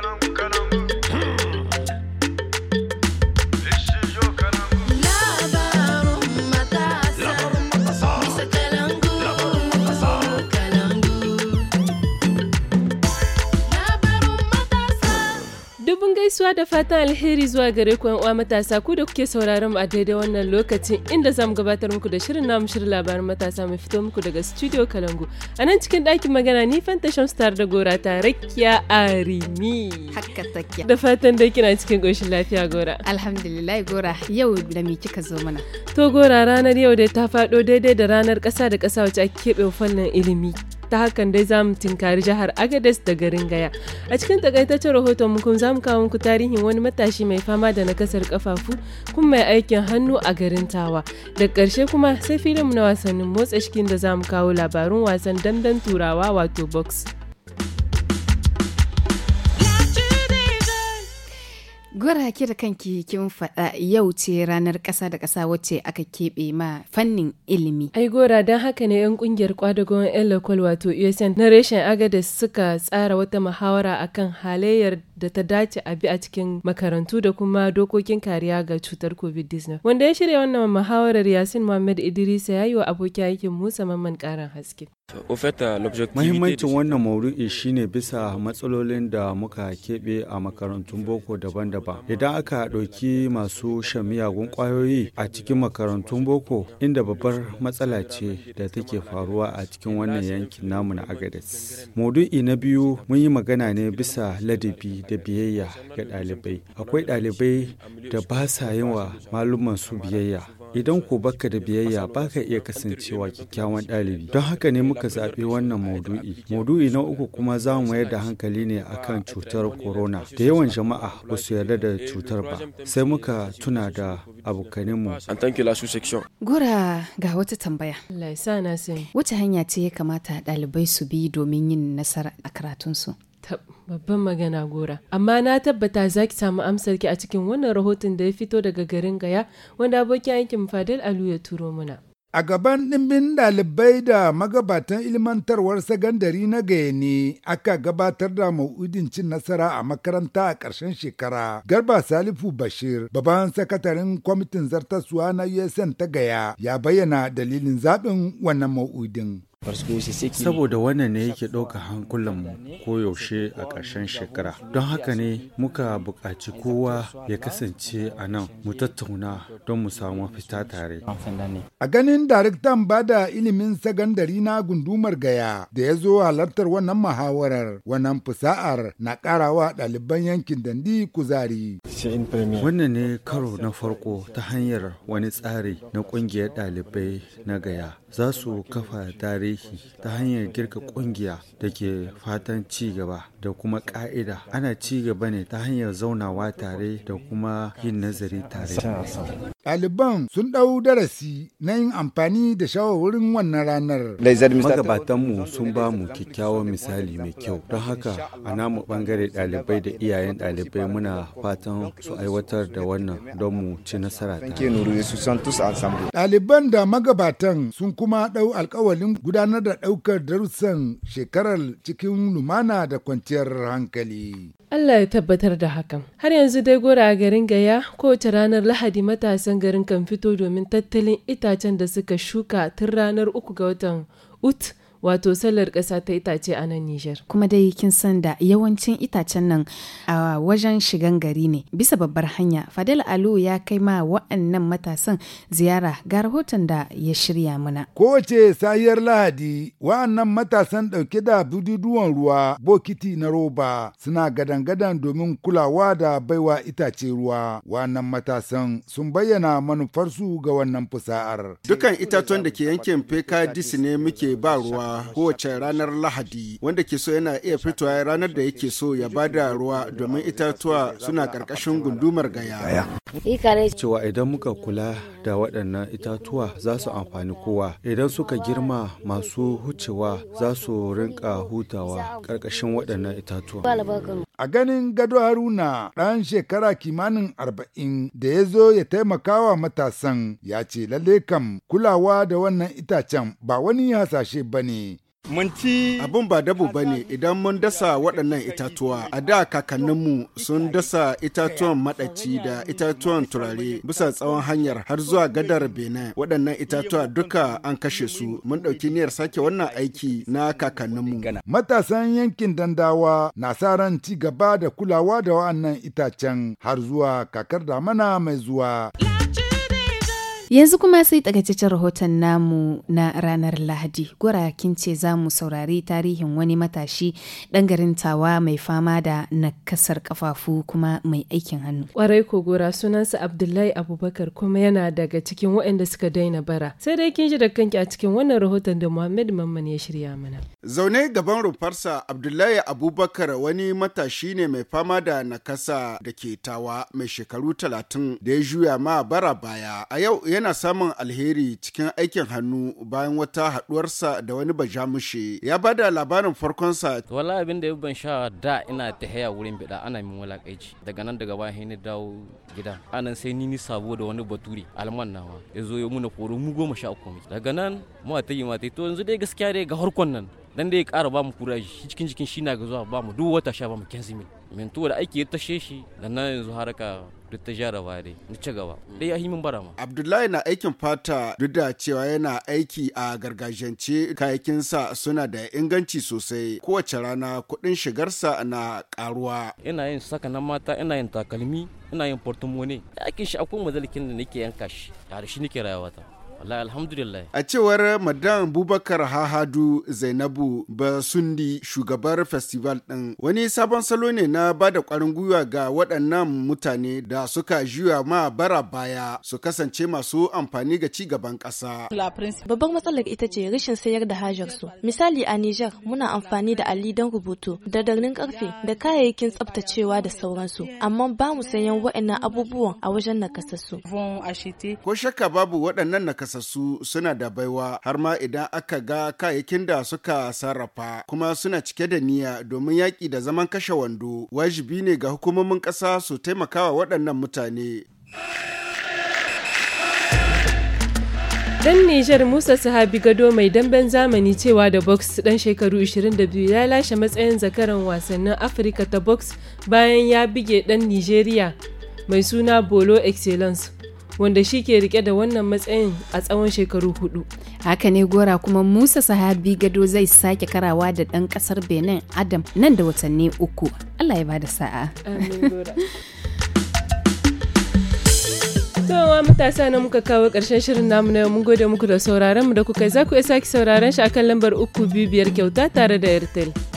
nunca, nunca. sabon gaisuwa da fatan alheri zuwa gare ku uwa matasa ku da kuke sauraron a daidai wannan lokacin inda zamu gabatar muku da shirin namu shirin labarin matasa mai fito muku daga studio Kalangu. A nan cikin ɗakin magana ni Fanta star da Gora ta Rakiya Arimi. Hakka Da fatan da kina cikin ƙoshin lafiya Gora. Alhamdulillah Gora yau da me kika zo mana? To Gora ranar yau dai ta faɗo daidai da ranar ƙasa da ƙasa wacce ake keɓe fannin ilimi. ta hakan dai za mu tinkari jihar Agades da garin Gaya. A cikin takaitaccen rahoton mu za mu kawo muku tarihin wani matashi mai fama da nakasar kafafu kuma mai aikin hannu a garin Tawa. Da ƙarshe kuma sai filin na wasannin motsa cikin da za mu kawo labarun wasan dandan turawa wato box. Gora ki da kanki kin faɗa yau ce ranar ƙasa da ƙasa wacce aka keɓe ma fannin ilimi. Ai gora don haka ne 'yan ƙungiyar kwadagon 'yan lokal wato USN na reshen agada suka tsara wata muhawara akan halayyar da ta dace a bi a cikin makarantu da kuma dokokin kariya ga cutar covid-19 wanda ya shirya wannan muhawarar yasin muhammad idrisa ya yi wa abokin aikin musa mamman karin haske Mahimmancin wannan maudu'i shine bisa matsalolin da muka keɓe a makarantun boko daban-daban. Idan aka ɗauki masu shan miyagun ƙwayoyi a cikin makarantun boko inda babbar matsala ce da take faruwa a cikin wannan yankin namu na Agades. Maudu'i na biyu mun yi magana ne bisa ladabi da biyayya ga ɗalibai akwai ɗalibai da ba sa yin wa maluman su biyayya idan ku baka da biyayya ba ka iya kasancewa kyakkyawan ɗalibi don haka ne muka zaɓi wannan maudu'i maudu'i na uku kuma za mu mayar da hankali ne akan cutar corona da yawan jama'a ba su yarda da cutar ba sai muka tuna da abokaninmu gora ga wata tambaya wata hanya ce ya kamata ɗalibai su bi domin yin nasara a karatunsu babban magana gora amma na tabbata za ki samu amsarki a cikin wannan rahoton da ya fito daga garin gaya wanda abokin aikin fadil alu ya turo muna a gaban ɗimbin ɗalibai da magabatan ilmantarwar sagandari na gaya ne aka gabatar da ma'udin cin nasara a makaranta a ƙarshen shekara garba salifu bashir babban sakataren kwamitin zartaswa na usn ta gaya ya bayyana dalilin zaɓin wannan ma'udin Saboda wannan ne yake ɗauka hankulanmu koyaushe a ƙarshen shekara. Don haka ne muka buƙaci kowa ya kasance a nan mu tattauna don mu samu fita tare. A ganin daraktan bada ilimin sagandari na gundumar gaya da ya zo halartar wannan muhawarar wannan fusa'ar na ƙarawa ɗaliban yankin dandi kuzari. Wannan ne karo na farko ta hanyar wani tsari na ƙungiyar ɗalibai na gaya za su kafa tare tarihi ta hanyar girka kungiya da ke fatan ci gaba da kuma ka'ida ana ci gaba ne ta hanyar zaunawa tare da kuma yin nazari tare ɗaliban sun ɗau darasi na yin amfani da shawarwarin wannan ranar. Magabatanmu sun ba mu kyakkyawan misali mai kyau. Don haka a namu ɓangare ɗalibai da iyayen ɗalibai muna fatan su aiwatar da wannan don mu ci nasara ta. Ɗaliban da magabatan sun kuma ɗau alkawalin gudanar da ɗaukar darussan shekarar cikin lumana da kwanciyar hankali. Allah ya tabbatar da hakan. Har yanzu dai gora a garin Gaya kowace ranar Lahadi matasan garin kan fito domin tattalin itacen da suka shuka tun ranar uku ga watan Ut wato sallar ƙasa ta itace a nan Nijar. Kuma dai kin san da yawancin itacen nan a wajen shigan gari ne bisa babbar hanya. Fadel Alu ya kai ma wa'annan matasan ziyara ga rahoton da ya shirya mana. Kowace sayar Lahadi wa'annan matasan ɗauke da bududuwan ruwa bokiti na roba suna gadan-gadan domin kulawa da baiwa itace ruwa. Wa'annan matasan sun bayyana manufarsu ga wannan fusa'ar. Dukan itatuwan da ke yankin Peka Disi ne muke ba ruwa kowace ranar Lahadi wanda ke so yana iya fitowa ranar da yake so ya ba da ruwa domin itatuwa suna karkashin gundumar gaya. Cewa idan muka kula da waɗannan itatuwa za su amfani kowa idan suka girma masu hucewa za su rinka hutawa ƙarƙashin waɗannan itatuwa. A ganin Gado Haruna ɗan shekara kimanin arba'in da ya zo ya taimakawa matasan ya ce lalle kam kulawa da wannan itacen ba wani hasashe ba ne Abin ba dabo ba ne idan mun dasa waɗannan itatuwa. A da kakanninmu sun dasa itatuwan maɗaci da itatuwan turare bisa tsawon hanyar har zuwa gadar Benin. Waɗannan itatuwa duka an kashe su. Mun ɗauki niyyar sake wannan aiki na kakanninmu. Matasan yankin Dandawa na sa ran ci gaba da kulawa da waɗannan itacen har zuwa kakar da mana mai zuwa. Yanzu kuma sai takaitaccen rahoton namu na ranar Lahadi. Gora kin ce za mu saurari tarihin wani matashi ɗan garin tawa mai fama da nakasar kafafu kuma mai aikin hannu. Kwarai ko gora sunansa Abdullahi Abubakar kuma yana daga cikin waɗanda suka daina bara. Sai dai kin ji da kanki a cikin wannan rahoton da Muhammad Mamman ya shirya mana. Zaune gaban rufarsa Abdullahi Abubakar wani matashi ne mai fama da nakasa da ke tawa mai shekaru talatin da ya juya ma bara baya. A yau yana samun alheri cikin aikin hannu bayan wata haduwarsa da wani bajamushe ya bada labarin farkonsa. Wala abin da ban sha da ina ta haya wurin bida ana min walakaici daga nan daga bayan ni dawo gida anan sai ni ni sabo da wani bature alman nawa ya zo ya muna mu goma sha uku daga nan mu ta yi mata to yanzu dai gaskiya dai ga harkon nan dan dai ya kara ba mu kuraji cikin jikin shi na ga zuwa ba mu duk wata sha ba mu kensimi. mintu da aiki ya tashe shi da na yanzu haraka duk ta jara dai na ci gaba dai ya himin bara ma abdullahi na aikin fata duk da cewa yana aiki a gargajiyance kayakinsa suna da inganci sosai kowace rana kuɗin shigarsa na karuwa ina yin saka na mata ina yin takalmi ina yin portumone aikin shi akwai mazalikin da nake yanka shi tare shi nake rayuwa ta A cewar Madan Bubakar Hahadu Zainabu ba sundi shugabar festival ɗin wani sabon salo ne na ba da ƙwarin gwiwa ga waɗannan mutane da suka juya ma bara baya su kasance masu amfani ga ci gaban ƙasa. Babban matsalar ita ce rashin sayar da hajarsu. Misali a Nijar muna amfani da ali don rubutu da darnin karfe da kayayyakin tsaftacewa da sauransu amma ba mu sayan waɗannan abubuwan a wajen nakasassu. Ko shakka babu waɗannan nakasassu kasassu suna da baiwa har ma idan aka ga kayayyakin da suka sarrafa kuma suna cike da niyya domin yaƙi da zaman kashe wando wajibi ne ga hukumomin ƙasa su taimaka wa waɗannan mutane. Dan Nijar Musa Sahabi Gado mai damben zamani cewa da box dan shekaru 22 ya lashe matsayin zakaran wasannin Afirka ta box bayan ya bige dan Nijeriya mai suna Bolo Excellence wanda shi ke rike da wannan matsayin a tsawon shekaru hudu. Haka ne gora kuma Musa Sahabi Gado zai sake karawa da ɗan ƙasar Benin Adam nan da watanni uku. Allah ya bada sa'a. Amin gora. matasa na muka kawo ƙarshen shirin namu na mun gode muku da sauraron mu da kuka za ku iya sake sauraron shi kan lambar uku biyu biyar kyauta tare da Airtel.